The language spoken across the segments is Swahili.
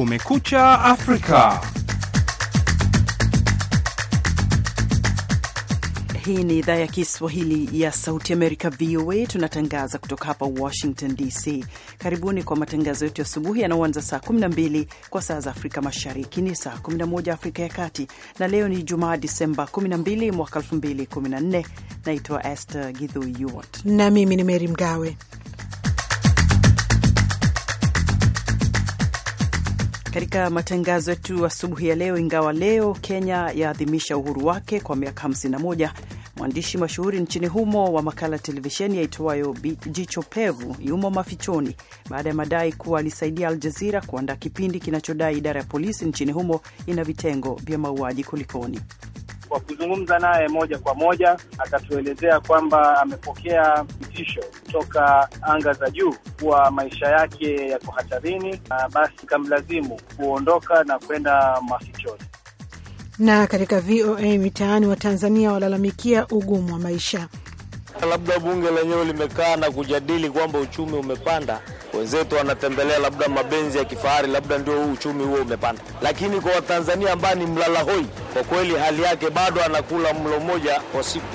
Kumekucha Afrika. Hii ni idhaa ya Kiswahili ya Sauti Amerika, VOA. Tunatangaza kutoka hapa Washington DC. Karibuni kwa matangazo yetu ya asubuhi yanaoanza saa 12 kwa saa za Afrika Mashariki, ni saa 11 Afrika ya Kati, na leo ni Jumaa, Disemba 12 mwaka 2014. Naitwa Esther Githu na mimi ni Meri Mgawe katika matangazo yetu asubuhi ya leo. Ingawa leo Kenya yaadhimisha uhuru wake kwa miaka 51, mwandishi mashuhuri nchini humo wa makala ya televisheni yaitwayo Jicho Pevu yumo mafichoni baada ya madai kuwa alisaidia Al Jazira kuandaa kipindi kinachodai idara ya polisi nchini humo ina vitengo vya mauaji. Kulikoni? kwa kuzungumza naye moja kwa moja, akatuelezea kwamba amepokea kitisho kutoka anga za juu kuwa maisha yake yako hatarini, na basi kamlazimu kuondoka na kwenda mafichoni. Na katika VOA Mitaani, Watanzania walalamikia ugumu wa maisha. Labda bunge lenyewe limekaa na kujadili kwamba uchumi umepanda Wenzetu wanatembelea labda mabenzi ya kifahari, labda ndio huu uchumi huo umepanda, lakini kwa Watanzania ambaye ni mlala hoi, kwa kweli hali yake bado anakula mlo mmoja kwa siku.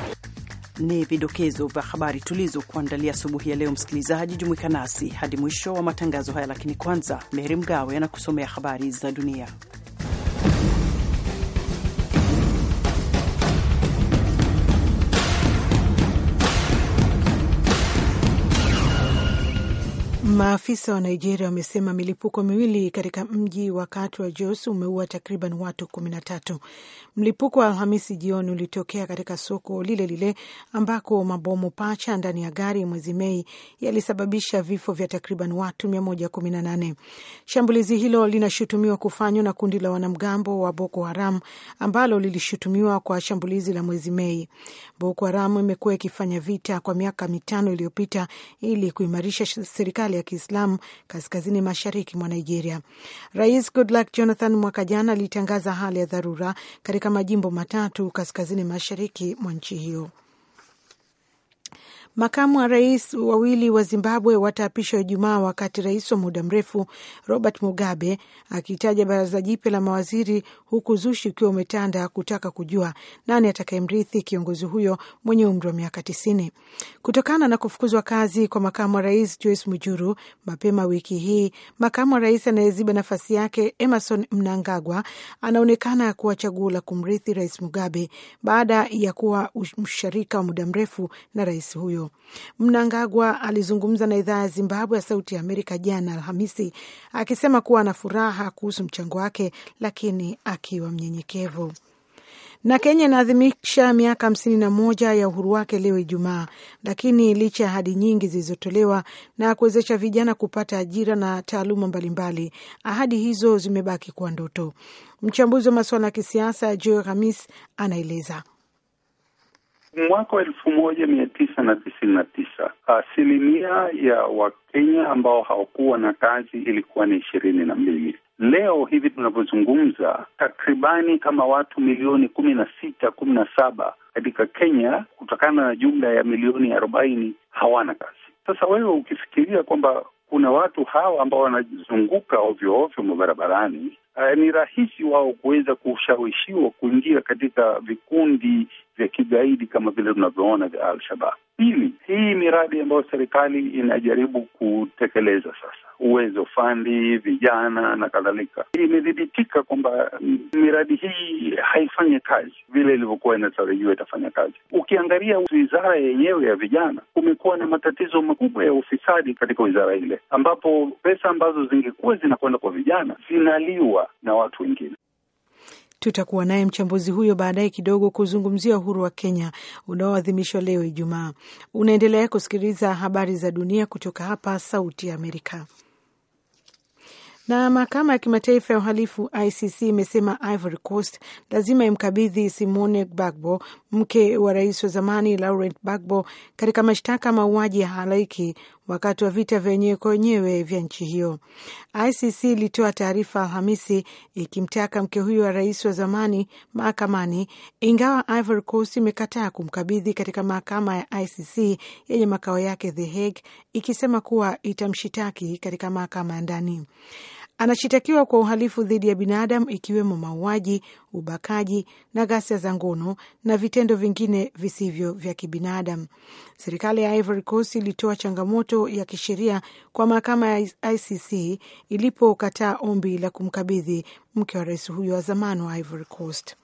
Ni vidokezo vya habari tulizokuandalia asubuhi ya leo. Msikilizaji, jumuika nasi hadi mwisho wa matangazo haya, lakini kwanza, Meri Mgawe anakusomea habari za dunia. Maafisa wa Nigeria wamesema milipuko miwili katika mji wa kati wa Jos umeua takriban watu kumi na tatu. Mlipuko wa Alhamisi jioni ulitokea katika soko lile lile ambako mabomu pacha ndani ya gari mwezi Mei yalisababisha vifo vya takriban watu mia moja kumi na nane. Shambulizi hilo linashutumiwa kufanywa na kundi la wanamgambo wa Boko Haram ambalo lilishutumiwa kwa shambulizi la mwezi Mei. Boko Haram imekuwa ikifanya vita kwa miaka mitano iliyopita ili kuimarisha serikali ya Kiislamu kaskazini mashariki mwa Nigeria. Rais Goodluck Jonathan mwaka jana alitangaza hali ya dharura katika majimbo matatu kaskazini mashariki mwa nchi hiyo. Makamu wa rais wawili wa Zimbabwe wataapishwa Ijumaa, wakati rais wa muda mrefu Robert Mugabe akitaja baraza jipya la mawaziri, huku zushi ukiwa umetanda kutaka kujua nani atakayemrithi kiongozi huyo mwenye umri wa miaka tisini. Kutokana na kufukuzwa kazi kwa makamu wa rais Joyce Mujuru mapema wiki hii, makamu wa rais anayeziba nafasi yake Emerson Mnangagwa anaonekana kuwa chaguo la kumrithi rais Mugabe baada ya kuwa msharika wa muda mrefu na rais huyo. Mnangagwa alizungumza na idhaa ya Zimbabwe ya Sauti ya Amerika jana Alhamisi akisema kuwa ana furaha kuhusu mchango wake, lakini akiwa mnyenyekevu na Kenya inaadhimisha miaka hamsini na moja ya uhuru wake leo Ijumaa, lakini licha ya ahadi nyingi zilizotolewa na kuwezesha vijana kupata ajira na taaluma mbalimbali, ahadi hizo zimebaki kuwa ndoto. Mchambuzi wa masuala ya kisiasa Joe Hamis anaeleza mwaka wa elfu moja mia tisa na tisini na tisa asilimia ya Wakenya ambao hawakuwa na kazi ilikuwa ni ishirini na mbili. Leo hivi tunavyozungumza, takribani kama watu milioni kumi na sita kumi na saba katika Kenya kutokana na jumla ya milioni arobaini hawana kazi. Sasa wewe ukifikiria kwamba kuna watu hawa ambao wanazunguka ovyoovyo mabarabarani uh, ni rahisi wao kuweza kushawishiwa kuingia katika vikundi vya kigaidi kama vile tunavyoona vya Al-Shabab. Pili, hii miradi ambayo serikali inajaribu kutekeleza sasa, uwezo fandi, vijana na kadhalika, imethibitika kwamba miradi hii haifanyi kazi vile ilivyokuwa inatarajiwa itafanya kazi. Ukiangalia wizara yenyewe ya vijana, kumekuwa na matatizo makubwa ya ufisadi katika wizara ile, ambapo pesa ambazo zingekuwa zinakwenda kwa vijana zinaliwa na watu wengine. Tutakuwa naye mchambuzi huyo baadaye kidogo kuzungumzia uhuru wa Kenya unaoadhimishwa leo Ijumaa. Unaendelea kusikiliza habari za dunia kutoka hapa Sauti ya Amerika. Na mahakama ya kimataifa ya uhalifu ICC imesema Ivory Coast lazima imkabidhi Simone bagbo mke wa rais wa zamani Laurent Bagbo, katika mashtaka mauaji ya halaiki wakati wa vita vyenyewe kwa wenyewe vya nchi hiyo. ICC ilitoa taarifa Alhamisi ikimtaka mke huyo wa rais wa zamani mahakamani, ingawa Ivory Coast imekataa kumkabidhi katika mahakama ya ICC yenye makao yake The Hague, ikisema kuwa itamshitaki katika mahakama ya ndani. Anashitakiwa kwa uhalifu dhidi ya binadamu ikiwemo mauaji, ubakaji na ghasia za ngono na vitendo vingine visivyo vya kibinadamu. Serikali ya Ivory Coast ilitoa changamoto ya kisheria kwa mahakama ya ICC ilipokataa ombi la kumkabidhi mke wa rais huyo wa zamani wa Ivory Coast.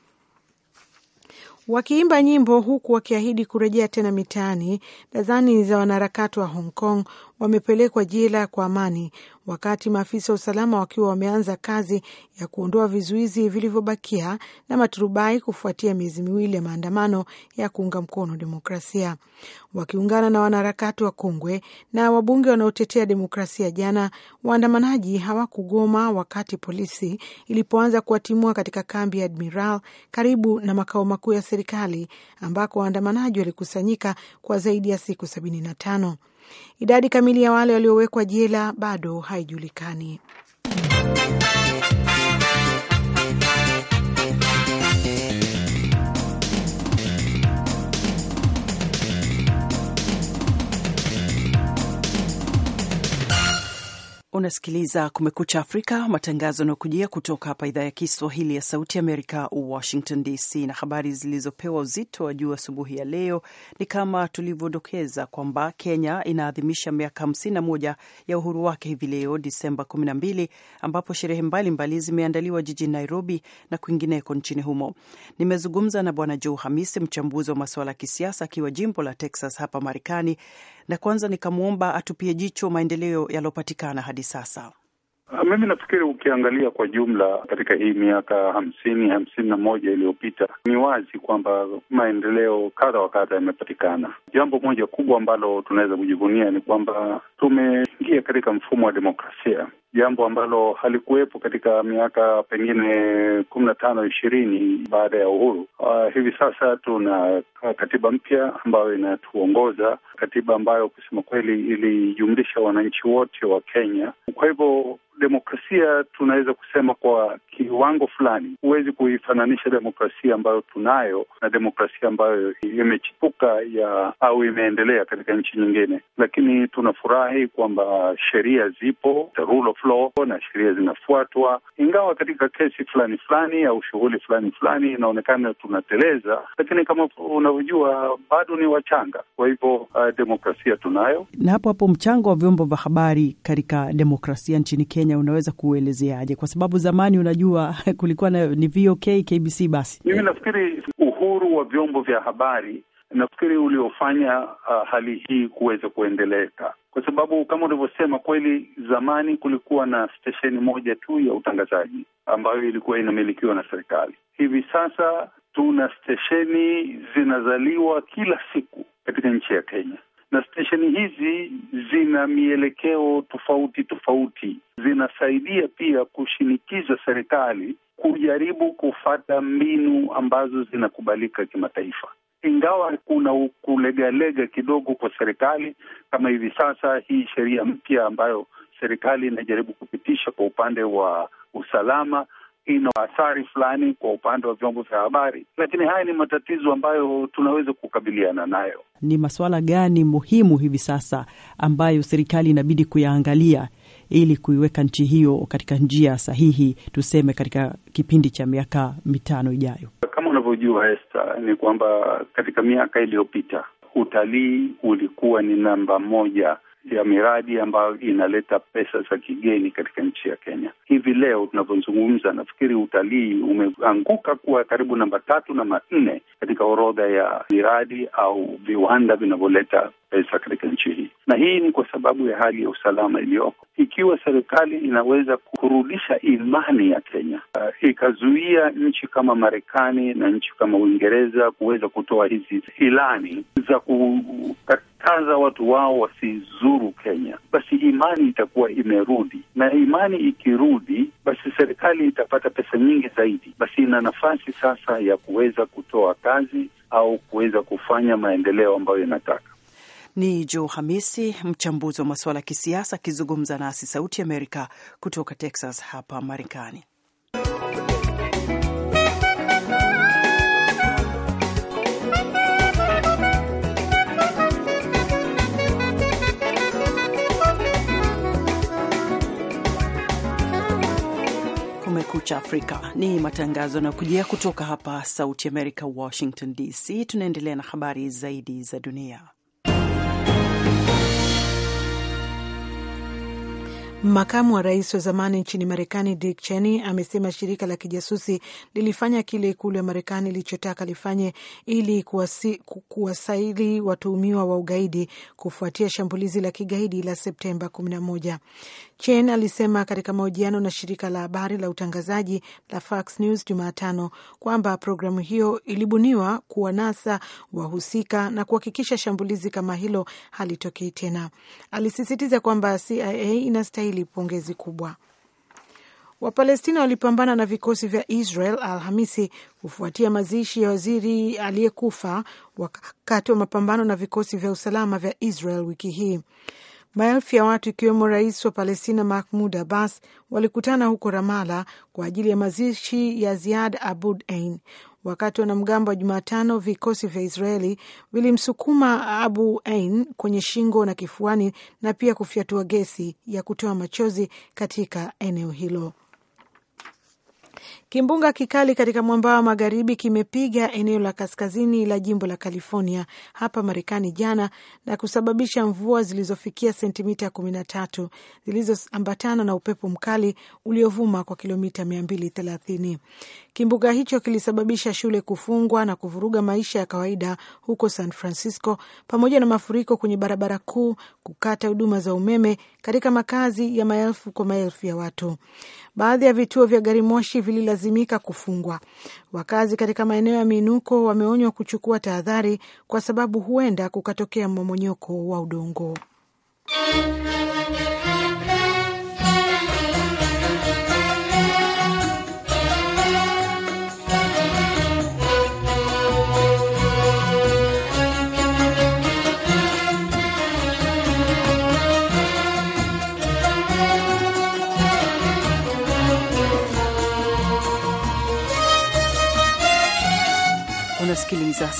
Wakiimba nyimbo huku wakiahidi kurejea tena mitaani, dazani za wanaharakati wa Hong Kong wamepelekwa jela kwa amani wakati maafisa wa usalama wakiwa wameanza kazi ya kuondoa vizuizi vilivyobakia na maturubai kufuatia miezi miwili ya maandamano ya kuunga mkono demokrasia. Wakiungana na wanaharakati wa kongwe na wabunge wanaotetea demokrasia, jana waandamanaji hawakugoma wakati polisi ilipoanza kuwatimua katika kambi ya Admiral karibu na makao makuu ya serikali ambako waandamanaji walikusanyika kwa zaidi ya siku sabini na tano. Idadi kamili ya wale waliowekwa jela bado haijulikani. Unasikiliza Kumekucha Afrika, matangazo yanayokujia kutoka hapa idhaa ya Kiswahili ya Sauti Amerika, Washington DC. Na habari zilizopewa uzito wa juu asubuhi ya leo ni kama tulivyodokeza kwamba Kenya inaadhimisha miaka 51 ya uhuru wake hivi leo Disemba 12, ambapo sherehe mbalimbali zimeandaliwa jijini Nairobi na kwingineko nchini humo. Nimezungumza na Bwana Joe Hamisi, mchambuzi wa masuala ya kisiasa, akiwa jimbo la Texas hapa Marekani, na kwanza nikamwomba atupie jicho maendeleo yaliyopatikana hadi hadi sasa? Ah, mimi nafikiri ukiangalia kwa jumla katika hii miaka hamsini hamsini na moja iliyopita ni wazi kwamba maendeleo kadha wa kadha yamepatikana. Jambo moja kubwa ambalo tunaweza kujivunia ni kwamba tumeingia katika mfumo wa demokrasia, jambo ambalo halikuwepo katika miaka pengine kumi na tano ishirini baada ya uhuru. Uh, hivi sasa tuna katiba mpya ambayo inatuongoza katiba ambayo kusema kweli ilijumlisha wananchi wote wa Kenya. Kwa hivyo demokrasia tunaweza kusema kwa kiwango fulani, huwezi kuifananisha demokrasia ambayo tunayo na demokrasia ambayo imechipuka ya au imeendelea katika nchi nyingine, lakini tunafurahi kwamba sheria zipo, the rule of law, na sheria zinafuatwa, ingawa katika kesi fulani fulani au shughuli fulani fulani inaonekana tunateleza, lakini kama unavyojua bado ni wachanga. Kwa hivyo uh, demokrasia tunayo. Na hapo hapo mchango wa vyombo vya habari katika demokrasia nchini Kenya unaweza kuuelezeaje? Kwa sababu zamani, unajua kulikuwa na ni VOK, KBC. Basi mimi nafikiri uhuru wa vyombo vya habari nafikiri uliofanya uh, hali hii kuweza kuendeleka, kwa sababu kama ulivyosema kweli, zamani kulikuwa na stesheni moja tu ya utangazaji ambayo ilikuwa inamilikiwa na serikali. Hivi sasa tuna stesheni zinazaliwa kila siku katika nchi ya Kenya, na stesheni hizi zina mielekeo tofauti tofauti, zinasaidia pia kushinikiza serikali kujaribu kufata mbinu ambazo zinakubalika kimataifa, ingawa kuna kulegalega kidogo kwa serikali. Kama hivi sasa hii sheria mpya ambayo serikali inajaribu kupitisha kwa upande wa usalama ina athari fulani kwa upande wa vyombo vya habari, lakini haya ni matatizo ambayo tunaweza kukabiliana nayo. Ni masuala gani muhimu hivi sasa ambayo serikali inabidi kuyaangalia ili kuiweka nchi hiyo katika njia sahihi, tuseme katika kipindi cha miaka mitano ijayo? Kama unavyojua Esther, ni kwamba katika miaka iliyopita utalii ulikuwa ni namba moja ya miradi ambayo inaleta pesa za kigeni katika nchi ya Kenya. Hivi leo tunavyozungumza, nafikiri utalii umeanguka kuwa karibu namba tatu, namba nne katika orodha ya miradi au viwanda vinavyoleta pesa katika nchi hii, na hii ni kwa sababu ya hali ya usalama iliyoko ikiwa serikali inaweza kurudisha imani ya Kenya, uh, ikazuia nchi kama Marekani na nchi kama Uingereza kuweza kutoa hizi ilani za kukataza watu wao wasizuru Kenya, basi imani itakuwa imerudi, na imani ikirudi, basi serikali itapata pesa nyingi zaidi, basi ina nafasi sasa ya kuweza kutoa kazi au kuweza kufanya maendeleo ambayo inataka. Ni Joe Hamisi, mchambuzi wa masuala ya kisiasa, akizungumza nasi Sauti Amerika kutoka Texas hapa Marekani. Kumekucha Afrika ni matangazo yanayokujia kutoka hapa Sauti Amerika, Washington DC. Tunaendelea na habari zaidi za dunia. Makamu wa rais wa zamani nchini Marekani Dick Cheney amesema shirika la kijasusi lilifanya kile ikulu ya Marekani ilichotaka lifanye ili kuwasaili watuhumiwa wa ugaidi kufuatia shambulizi la kigaidi la Septemba 11. Chen alisema katika mahojiano na shirika la habari la utangazaji la Fox News Jumatano kwamba programu hiyo ilibuniwa kuwanasa wahusika na kuhakikisha shambulizi kama hilo halitokei tena. Alisisitiza kwamba CIA inastahili pongezi kubwa. Wapalestina walipambana na vikosi vya Israel Alhamisi kufuatia mazishi ya waziri aliyekufa wakati wa mapambano na vikosi vya usalama vya Israel wiki hii. Maelfu ya watu ikiwemo rais wa Palestina Mahmud Abbas walikutana huko Ramala kwa ajili ya mazishi ya Ziad Abud Ein. Wakati wanamgambo wa Jumatano, vikosi vya Israeli vilimsukuma Abu Ein kwenye shingo na kifuani na pia kufyatua gesi ya kutoa machozi katika eneo hilo. Kimbunga kikali katika mwambao wa magharibi kimepiga eneo la kaskazini la jimbo la California hapa Marekani jana na kusababisha mvua zilizofikia sentimita kumi na tatu zilizoambatana na upepo mkali uliovuma kwa kilomita mia mbili thelathini. Kimbunga hicho kilisababisha shule kufungwa na kuvuruga maisha ya kawaida huko San Francisco, pamoja na mafuriko kwenye barabara kuu, kukata huduma za umeme katika makazi ya maelfu kwa maelfu ya watu. Baadhi ya vituo vya garimoshi vililazimika wamelazimika kufungwa. Wakazi katika maeneo ya miinuko wameonywa kuchukua tahadhari, kwa sababu huenda kukatokea mmomonyoko wa udongo.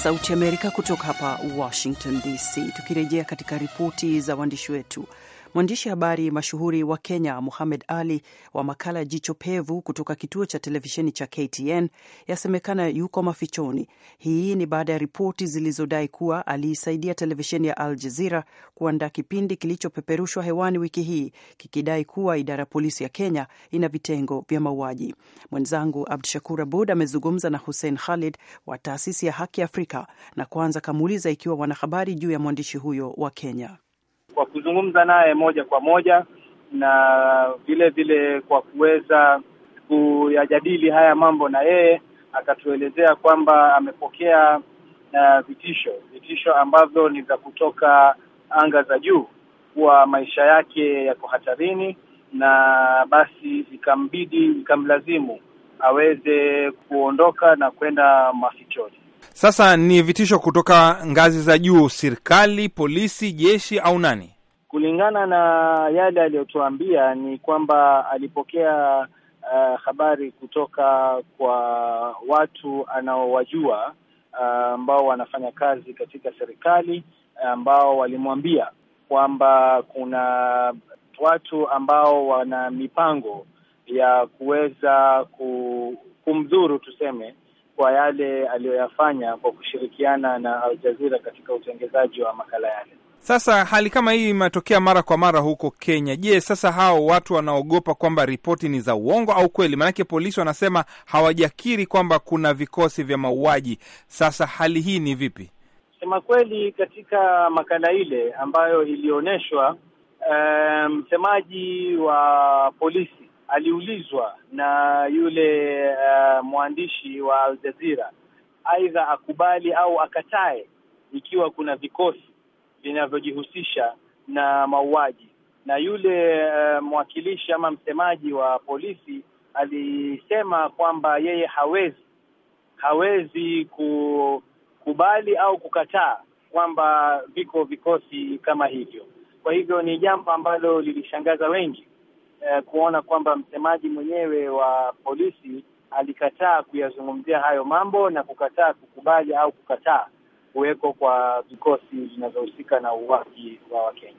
Sauti Amerika kutoka hapa Washington DC. Tukirejea katika ripoti za waandishi wetu, Mwandishi habari mashuhuri wa Kenya Muhamed Ali wa makala Jicho Pevu kutoka kituo cha televisheni cha KTN yasemekana yuko mafichoni. Hii ni baada ya ripoti zilizodai kuwa aliisaidia televisheni ya Al Jazeera kuandaa kipindi kilichopeperushwa hewani wiki hii kikidai kuwa idara ya polisi ya Kenya ina vitengo vya mauaji. Mwenzangu Abdu Shakur Abud amezungumza na Hussein Khalid wa taasisi ya Haki Afrika na kwanza kamuuliza ikiwa wanahabari juu ya mwandishi huyo wa Kenya kwa kuzungumza naye moja kwa moja na vile vile kwa kuweza kuyajadili haya mambo na yeye, akatuelezea kwamba amepokea na vitisho vitisho ambavyo ni za kutoka anga za juu kuwa maisha yake yako hatarini, na basi ikambidi ikamlazimu aweze kuondoka na kwenda mafichoni. Sasa ni vitisho kutoka ngazi za juu, serikali, polisi, jeshi au nani? Kulingana na yale aliyotuambia ni kwamba alipokea uh, habari kutoka kwa watu anaowajua eh, ambao uh, wanafanya kazi katika serikali ambao walimwambia kwamba kuna watu ambao wana mipango ya kuweza kumdhuru tuseme kwa yale aliyoyafanya kwa kushirikiana na Aljazira katika utengezaji wa makala yale. Sasa hali kama hii imetokea mara kwa mara huko Kenya. Je, sasa hao watu wanaogopa kwamba ripoti ni za uongo au kweli? Maanake polisi wanasema hawajakiri kwamba kuna vikosi vya mauaji. Sasa hali hii ni vipi? Sema kweli, katika makala ile ambayo ilionyeshwa eh, msemaji um, wa polisi aliulizwa na yule uh, mwandishi wa Al Jazeera aidha akubali au akatae ikiwa kuna vikosi vinavyojihusisha na mauaji, na yule uh, mwakilishi ama msemaji wa polisi alisema kwamba yeye hawezi hawezi kukubali au kukataa kwamba viko vikosi kama hivyo. Kwa hivyo ni jambo ambalo lilishangaza wengi eh, kuona kwamba msemaji mwenyewe wa polisi alikataa kuyazungumzia hayo mambo na kukataa kukubali au kukataa kuwekwa kwa vikosi vinavyohusika na uwaki wa Wakenya.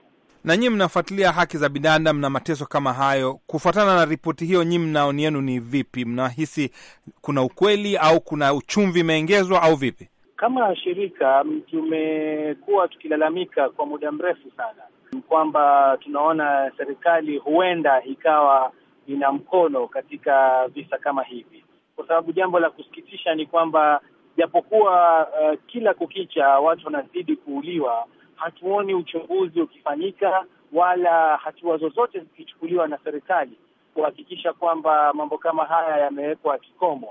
Na nyinyi mnafuatilia haki za binadamu na mateso kama hayo, kufuatana na ripoti hiyo, nyinyi mnaoni yenu ni vipi? Mnahisi kuna ukweli au kuna uchumvi imeongezwa au vipi? Kama shirika tumekuwa tukilalamika kwa muda mrefu sana kwamba tunaona serikali huenda ikawa ina mkono katika visa kama hivi, kwa sababu jambo la kusikitisha ni kwamba japokuwa uh, kila kukicha watu wanazidi kuuliwa, hatuoni uchunguzi ukifanyika wala hatua zozote zikichukuliwa na serikali kuhakikisha kwamba mambo kama haya yamewekwa kikomo.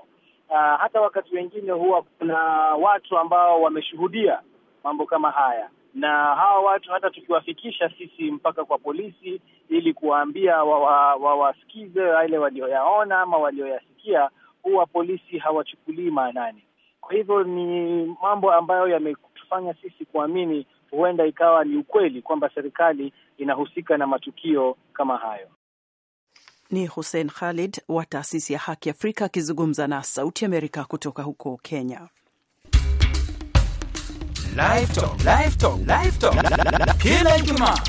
Uh, hata wakati wengine huwa kuna watu ambao wameshuhudia mambo kama haya, na hawa watu hata tukiwafikisha sisi mpaka kwa polisi ili kuwaambia wawasikize wa, wa wale walioyaona ama walioyasikia, huwa polisi hawachukulii maanani. Kwa hivyo ni mambo ambayo yametufanya sisi kuamini huenda ikawa ni ukweli kwamba serikali inahusika na matukio kama hayo. Ni Hussein Khalid wa taasisi ya Haki Afrika akizungumza na Sauti Amerika kutoka huko Kenya. Kila Ijumaa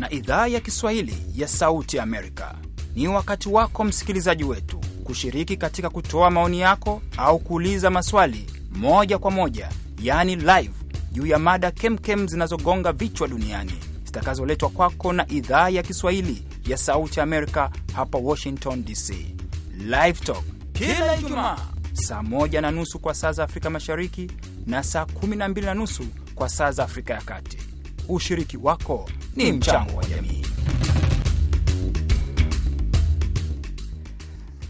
na idhaa ya Kiswahili ya Sauti Amerika ni wakati wako msikilizaji wetu kushiriki katika kutoa maoni yako au kuuliza maswali moja kwa moja, yaani live, juu ya mada kemkem zinazogonga vichwa duniani zitakazoletwa kwako na idhaa ya Kiswahili ya Sauti Amerika hapa Washington DC. Live Talk kila Ijumaa saa moja na nusu kwa saa za Afrika Mashariki na saa kumi na mbili na nusu kwa saa za Afrika ya Kati. Ushiriki wako ni mchango wa jamii.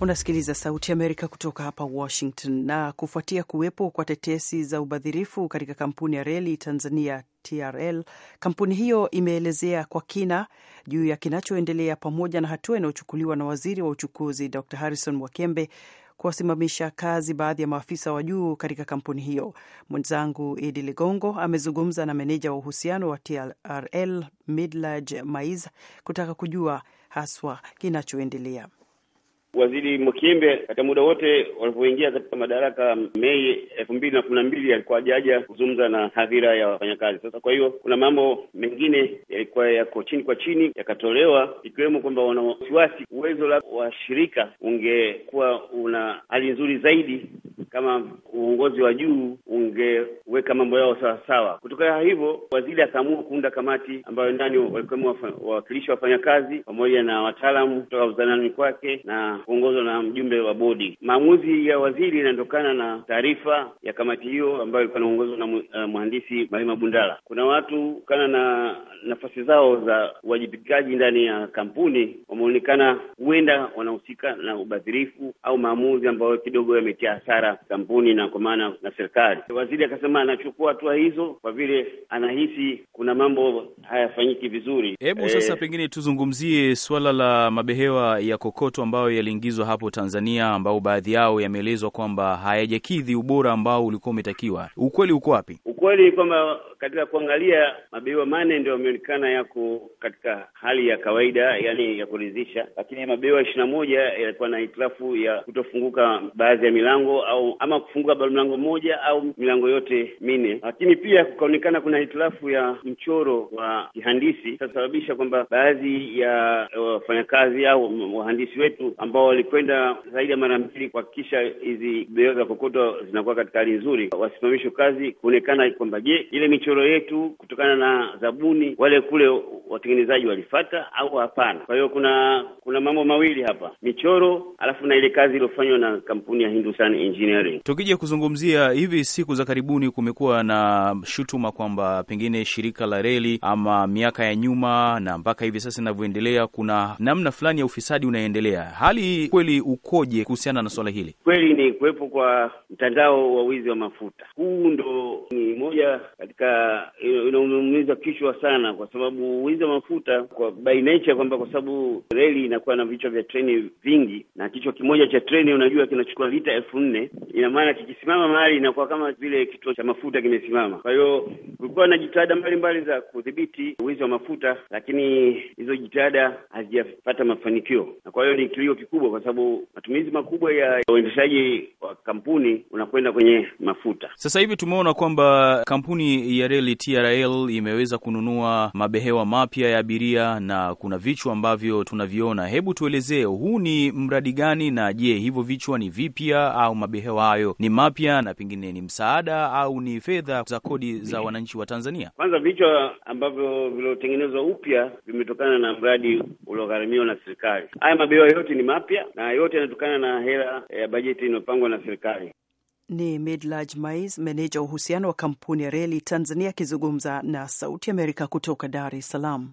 Unasikiliza Sauti ya Amerika kutoka hapa Washington. Na kufuatia kuwepo kwa tetesi za ubadhirifu katika kampuni ya reli Tanzania TRL, kampuni hiyo imeelezea kwa kina juu ya kinachoendelea pamoja na hatua inayochukuliwa na Waziri wa Uchukuzi Dr Harrison wakembe kuwasimamisha kazi baadhi ya maafisa wa juu katika kampuni hiyo. Mwenzangu Idi Ligongo amezungumza na meneja wa uhusiano wa TRL Midlaj Maiz kutaka kujua haswa kinachoendelea. Waziri Mwakiembe katika muda wote walivyoingia katika madaraka Mei elfu mbili na kumi na mbili alikuwa hajaja kuzungumza na hadhira ya wafanyakazi. Sasa kwa hiyo kuna mambo mengine yalikuwa yako chini kwa chini yakatolewa, ikiwemo kwamba wana wasiwasi uwezo la washirika ungekuwa una hali nzuri zaidi kama uongozi wa juu ungeweka mambo yao sawasawa Kutokana hivyo, waziri akaamua kuunda kamati ambayo ndani walikuwemo wawakilishi wa wafanyakazi pamoja na wataalamu kutoka uzanani kwake na kuongozwa na mjumbe wa bodi. Maamuzi ya waziri yanatokana na taarifa ya kamati hiyo ambayo ilikuwa inaongozwa na uh, Malima Bundala. Kuna watu kutokana na nafasi zao za uwajibikaji ndani ya kampuni wameonekana huenda wanahusika na ubadhirifu au maamuzi ambayo kidogo yametia hasara kampuni na kwa maana na serikali. Waziri akasema anachukua hatua hizo kwa vile anahisi kuna mambo hayafanyiki vizuri. Hebu sasa e, pengine tuzungumzie suala la mabehewa ya kokoto ambayo yaliingizwa hapo Tanzania, ambao baadhi yao yameelezwa kwamba hayajakidhi ubora ambao ulikuwa umetakiwa. Ukweli uko wapi? Ukweli ni kwamba katika kuangalia mabebewa mane ndio yameonekana yako katika hali ya kawaida, yani ya kuridhisha, lakini mabebewa ishirini na moja yalikuwa na hitilafu ya kutofunguka baadhi ya milango au ama kufunguka mlango mmoja au milango yote minne, lakini pia kukaonekana kuna hitilafu ya mchoro wa kihandisi, itasababisha kwamba baadhi ya eh, wafanyakazi au wahandisi wetu ambao ambao walikwenda zaidi ya mara mbili kuhakikisha hizi bidhaa za kokoto zinakuwa katika hali nzuri, wasimamishwe kazi, kuonekana kwamba je, ile michoro yetu kutokana na zabuni wale kule watengenezaji walifata au hapana. Kwa hiyo kuna kuna mambo mawili hapa, michoro alafu na ile kazi iliyofanywa na kampuni ya Hindustan Engineering. Tukija kuzungumzia hivi siku za karibuni, kumekuwa na shutuma kwamba pengine shirika la reli ama miaka ya nyuma na mpaka hivi sasa inavyoendelea, kuna namna fulani ya ufisadi unaendelea hali kweli ukoje kuhusiana na swala hili? Kweli ni kuwepo kwa mtandao wa wizi wa mafuta, huu ndo ni moja katika inaumiza kichwa sana, kwa sababu wizi wa mafuta kwa by nature kwamba kwa sababu reli inakuwa na vichwa vya treni vingi, na kichwa kimoja cha treni unajua kinachukua lita elfu nne ina maana kikisimama mahali inakuwa kama vile kituo cha mafuta kimesimama. Kwa hiyo kulikuwa na jitihada mbalimbali za kudhibiti wizi wa mafuta, lakini hizo jitihada hazijapata mafanikio, na kwa hiyo ni kilio kikubwa makubwa, kwa sababu matumizi makubwa ya uendeshaji wa kampuni unakwenda kwenye mafuta. Sasa hivi tumeona kwamba kampuni ya reli TRL imeweza kununua mabehewa mapya ya abiria na kuna vichwa ambavyo tunaviona. Hebu tuelezee, huu ni mradi gani, na je, hivyo vichwa ni vipya au mabehewa hayo ni mapya, na pengine ni msaada au ni fedha za kodi za wananchi wa Tanzania? Kwanza, vichwa ambavyo viliotengenezwa upya vimetokana na mradi uliogharamiwa na serikali. Haya mabehewa yote ni mapya mapya, na yote yanatokana na hela ya bajeti inayopangwa na serikali. Ni Midlaj Mais, meneja uhusiano wa kampuni ya reli Tanzania, akizungumza na Sauti Amerika kutoka Dar es Salaam.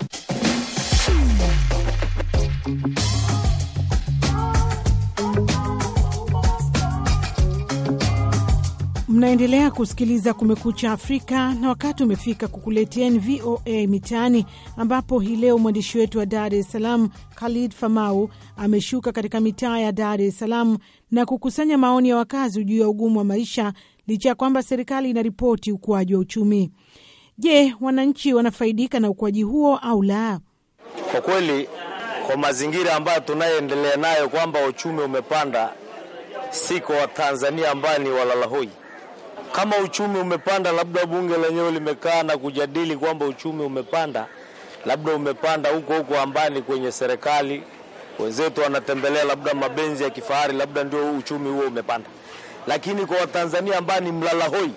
Unaendelea kusikiliza Kumekucha Afrika na wakati umefika kukuleteni VOA Mitaani, ambapo hii leo mwandishi wetu wa Dar es Salaam Khalid Famau ameshuka katika mitaa ya Dar es Salaam na kukusanya maoni ya wakazi juu ya ugumu wa maisha licha ya kwamba serikali inaripoti ukuaji wa uchumi. Je, wananchi wanafaidika na ukuaji huo au la? Kwa kweli, kwa mazingira ambayo tunayoendelea nayo kwamba uchumi umepanda, siko Watanzania ambayo ni walalahoi kama uchumi umepanda, labda bunge lenyewe limekaa na kujadili kwamba uchumi umepanda, labda umepanda huko huko ambani kwenye serikali wenzetu wanatembelea labda mabenzi ya kifahari, labda ndio uchumi huo umepanda. Lakini kwa Watanzania ambao ni mlala hoi,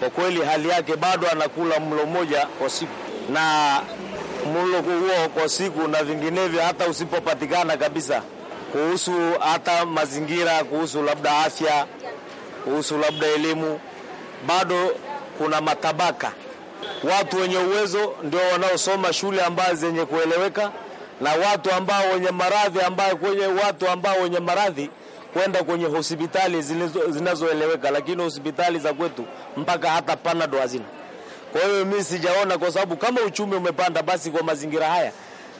kwa kweli hali yake bado anakula mlo mmoja kwa siku, na mlo huo kwa siku na vinginevyo, hata usipopatikana kabisa, kuhusu hata mazingira, kuhusu labda afya kuhusu labda elimu, bado kuna matabaka. Watu wenye uwezo ndio wanaosoma shule ambazo zenye kueleweka, na watu ambao wenye maradhi ambao kwenye watu ambao wenye maradhi kwenda kwenye hospitali zinazoeleweka, lakini hospitali za kwetu mpaka hata panado hazina. Kwa hiyo mimi sijaona, kwa sababu kama uchumi umepanda, basi kwa mazingira haya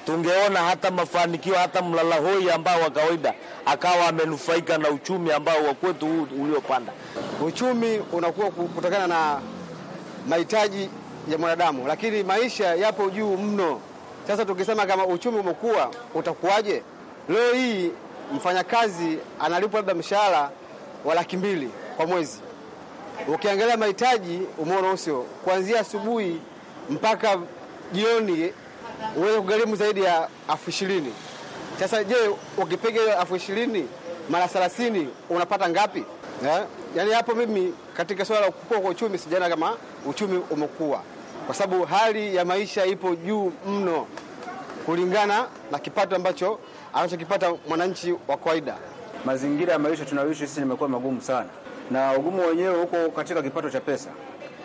tungeona hata mafanikio, hata mlalahoi ambao wa kawaida akawa amenufaika na uchumi ambao wa kwetu huu uliopanda. Uchumi unakuwa kutokana na mahitaji ya mwanadamu, lakini maisha yapo juu mno. Sasa tukisema kama uchumi umekuwa utakuwaje? Leo hii mfanyakazi analipwa labda mshahara wa laki mbili kwa mwezi, ukiangalia mahitaji umeona usio, kuanzia asubuhi mpaka jioni uweze kugharimu zaidi ya elfu ishirini. Sasa je, ukipiga hiyo elfu ishirini mara thelathini unapata ngapi? Yeah. Yaani hapo mimi katika suala la kukua kwa uchumi sijana kama uchumi umekuwa, kwa sababu hali ya maisha ipo juu mno kulingana na kipato ambacho anachokipata mwananchi wa kawaida. Mazingira ya maisha tunayoishi sisi nimekuwa magumu sana, na ugumu wenyewe huko katika kipato cha pesa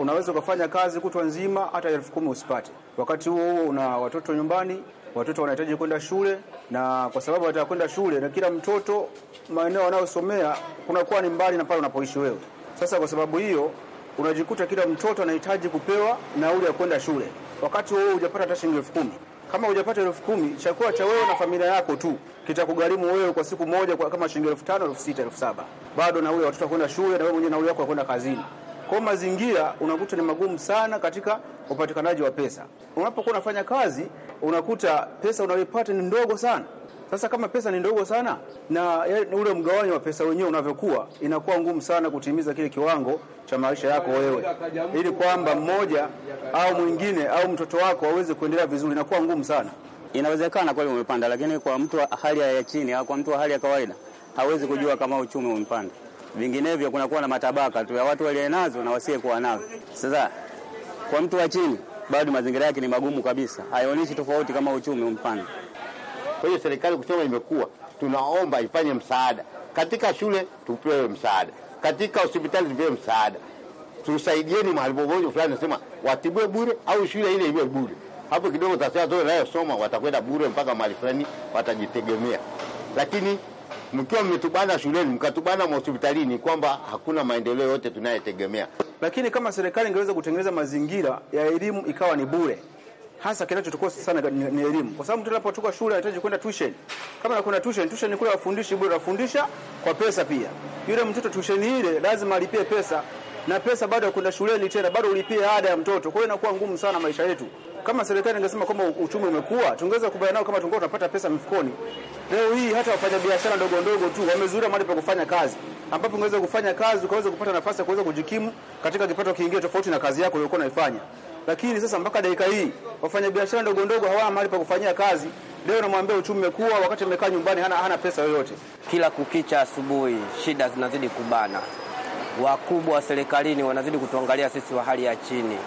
unaweza ukafanya kazi kutwa nzima hata elfu kumi usipate. Wakati huo huo una watoto nyumbani, watoto wanahitaji kwenda shule, na kwa sababu wataka kwenda shule na kila mtoto maeneo wanayosomea kunakuwa ni mbali na pale unapoishi wewe. Sasa kwa sababu hiyo unajikuta kila mtoto anahitaji kupewa nauli ya kwenda shule, wakati huo hujapata hata shilingi elfu kumi. Kama hujapata elfu kumi, chakula cha wewe na familia yako tu kitakugharimu wewe kwa siku moja kwa kama shilingi elfu tano, elfu sita, elfu saba, bado nauli ya watoto kwenda shule na wewe mwenyewe nauli yako ya kwenda kazini. Kwa mazingira unakuta ni magumu sana katika upatikanaji wa pesa. Unapokuwa unafanya kazi, unakuta pesa unayopata ni ndogo sana. Sasa kama pesa ni ndogo sana na yaani ule mgawanyo wa pesa wenyewe unavyokuwa, inakuwa ngumu sana kutimiza kile kiwango cha maisha yako wewe, ili kwamba mmoja au mwingine au mtoto wako aweze kuendelea vizuri, inakuwa ngumu sana. Inawezekana kweli umepanda, lakini kwa mtu wa hali ya chini au kwa mtu wa hali ya kawaida hawezi kujua kama uchumi umepanda vinginevyo kunakuwa na matabaka tu ya watu walio nazo na wasiyekuwa nazo. Sasa kwa mtu wa chini bado mazingira yake ni magumu kabisa, haionyeshi tofauti kama uchumi umpanda. Kwa hiyo serikali kusema imekuwa, tunaomba ifanye msaada katika shule, tupewe msaada katika hospitali, tupewe msaada, tusaidieni mahali popote fulani, nasema watibue bure au shule ile iwe bure. Hapo kidogo tasema nayosoma watakwenda bure mpaka mahali fulani watajitegemea, lakini mkiwa mmetubana shuleni mkatubana hospitalini kwamba hakuna maendeleo yote tunayetegemea. Lakini kama serikali ingeweza kutengeneza mazingira ya elimu ikawa ni bure, hasa kinachotukosa sana ni elimu, kwa sababu mtu anapotoka shule anahitaji kwenda tuition. Kama anakwenda tuition, tuition kule wafundishi bure, wafundisha kwa pesa pia. Yule mtoto tuition ile lazima alipie pesa, na pesa bado ya kwenda shuleni tena, bado ulipie ada ya mtoto. Kwa hiyo inakuwa ngumu sana maisha yetu. Kama serikali ingesema kwamba uchumi umekuwa, tungeweza kubaliana nao kama tungekuwa tunapata pesa mfukoni. Leo hii hata wafanyabiashara ndogo ndogo tu wamezuria mahali pa kufanya kazi, ambapo ungeweza kufanya kazi ukaweza kupata nafasi ya kuweza kujikimu katika kipato kingine tofauti na kazi yako uliyokuwa unaifanya. Lakini sasa mpaka dakika hii wafanyabiashara ndogo ndogo hawana mahali pa kufanyia kazi. Leo namwambia uchumi umekuwa, wakati amekaa nyumbani hana, hana pesa yoyote. Kila kukicha asubuhi, shida zinazidi kubana. Wakubwa wa serikalini wanazidi kutuangalia sisi wa hali ya chini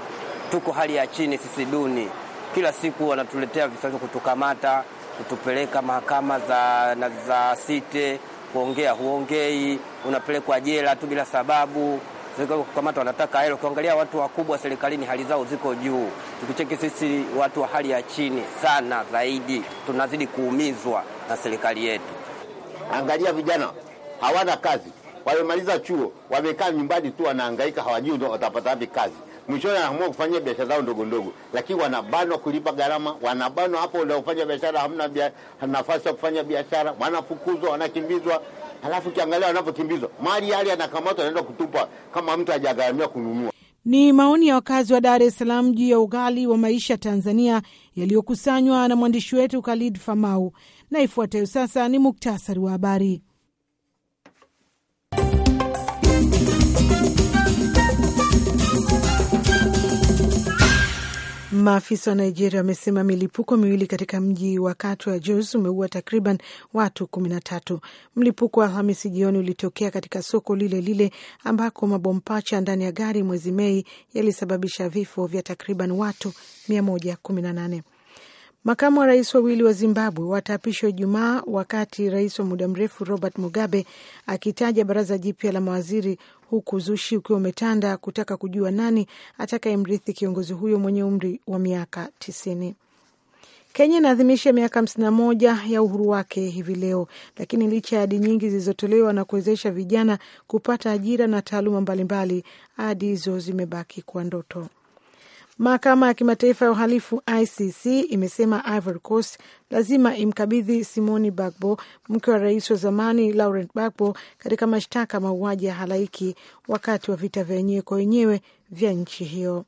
tuko hali ya chini sisi, duni. Kila siku wanatuletea visasi, kutukamata, kutupeleka mahakama za, na za site kuongea, huongei, unapelekwa jela tu bila sababu kukamata wanataka hela. Ukiangalia watu wakubwa serikalini hali zao ziko juu, tukicheki sisi watu wa hali ya chini sana zaidi, tunazidi kuumizwa na serikali yetu. Angalia vijana hawana kazi, wamemaliza chuo, wamekaa nyumbani tu, wanahangaika, hawajui watapata wapi kazi mwishoni anaamua kufanya biashara zao ndogo ndogo, lakini wanabanwa kulipa gharama, wanabanwa hapo unaofanya biashara, hamna bia, nafasi ya kufanya biashara, wanafukuzwa, wanakimbizwa. Halafu ukiangalia wanavyokimbizwa, mali yale yanakamatwa, anaenda kutupa kama mtu hajagharamia kununua. Ni maoni ya wakazi wa Dar es Salaam juu ya ughali wa maisha Tanzania yaliyokusanywa na mwandishi wetu Khalid Famau, na ifuatayo sasa ni muktasari wa habari. Maafisa wa Nigeria wamesema milipuko miwili katika mji wa kati wa Jos umeua takriban watu kumi na tatu. Mlipuko wa Alhamisi jioni ulitokea katika soko lile lile ambako mabompacha ndani ya gari mwezi Mei yalisababisha vifo vya takriban watu mia moja kumi na nane. Makamu wa rais wawili wa Zimbabwe wataapishwa Ijumaa, wakati rais wa muda mrefu Robert Mugabe akitaja baraza jipya la mawaziri, huku uzushi ukiwa umetanda kutaka kujua nani atakayemrithi kiongozi huyo mwenye umri wa miaka tisini. Kenya inaadhimisha miaka hamsini na moja ya uhuru wake hivi leo, lakini licha ya ahadi nyingi zilizotolewa na kuwezesha vijana kupata ajira na taaluma mbalimbali, ahadi hizo zimebaki kuwa ndoto. Mahakama ya Kimataifa ya Uhalifu ICC imesema Ivory Coast lazima imkabidhi Simoni Bagbo, mke wa rais wa zamani Laurent Bagbo, katika mashtaka mauaji ya halaiki wakati wa vita vya wenyewe kwa wenyewe vya nchi hiyo.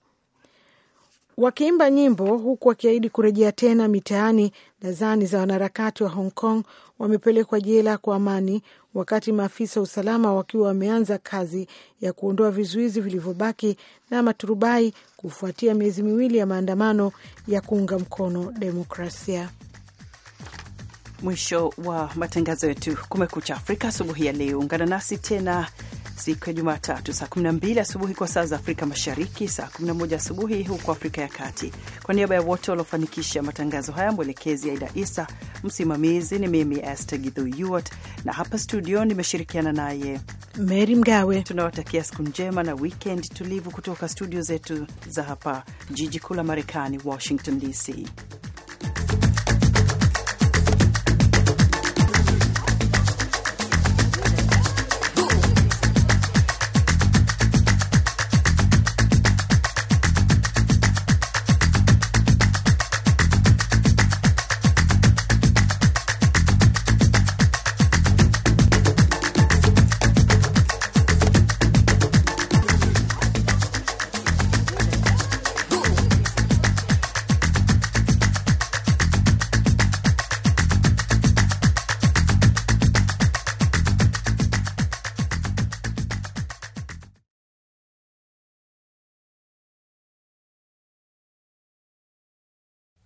Wakiimba nyimbo huku wakiahidi kurejea tena mitaani, dazani za wanaharakati wa Hong Kong wamepelekwa jela kwa amani wakati maafisa wa usalama wakiwa wameanza kazi ya kuondoa vizuizi vilivyobaki na maturubai kufuatia miezi miwili ya maandamano ya kuunga mkono demokrasia. Mwisho wa matangazo yetu Kumekucha Afrika asubuhi ya leo. Ungana nasi tena siku ya Jumatatu saa 12 asubuhi kwa saa za Afrika Mashariki, saa 11 asubuhi huko Afrika ya Kati. Kwa niaba ya wote waliofanikisha matangazo haya, mwelekezi Aida Isa, msimamizi ni mimi Aster Gidhyuat, na hapa studio nimeshirikiana naye Meri Mgawe. Tunawatakia siku njema na wikend tulivu kutoka studio zetu za hapa jiji kuu la Marekani, Washington DC.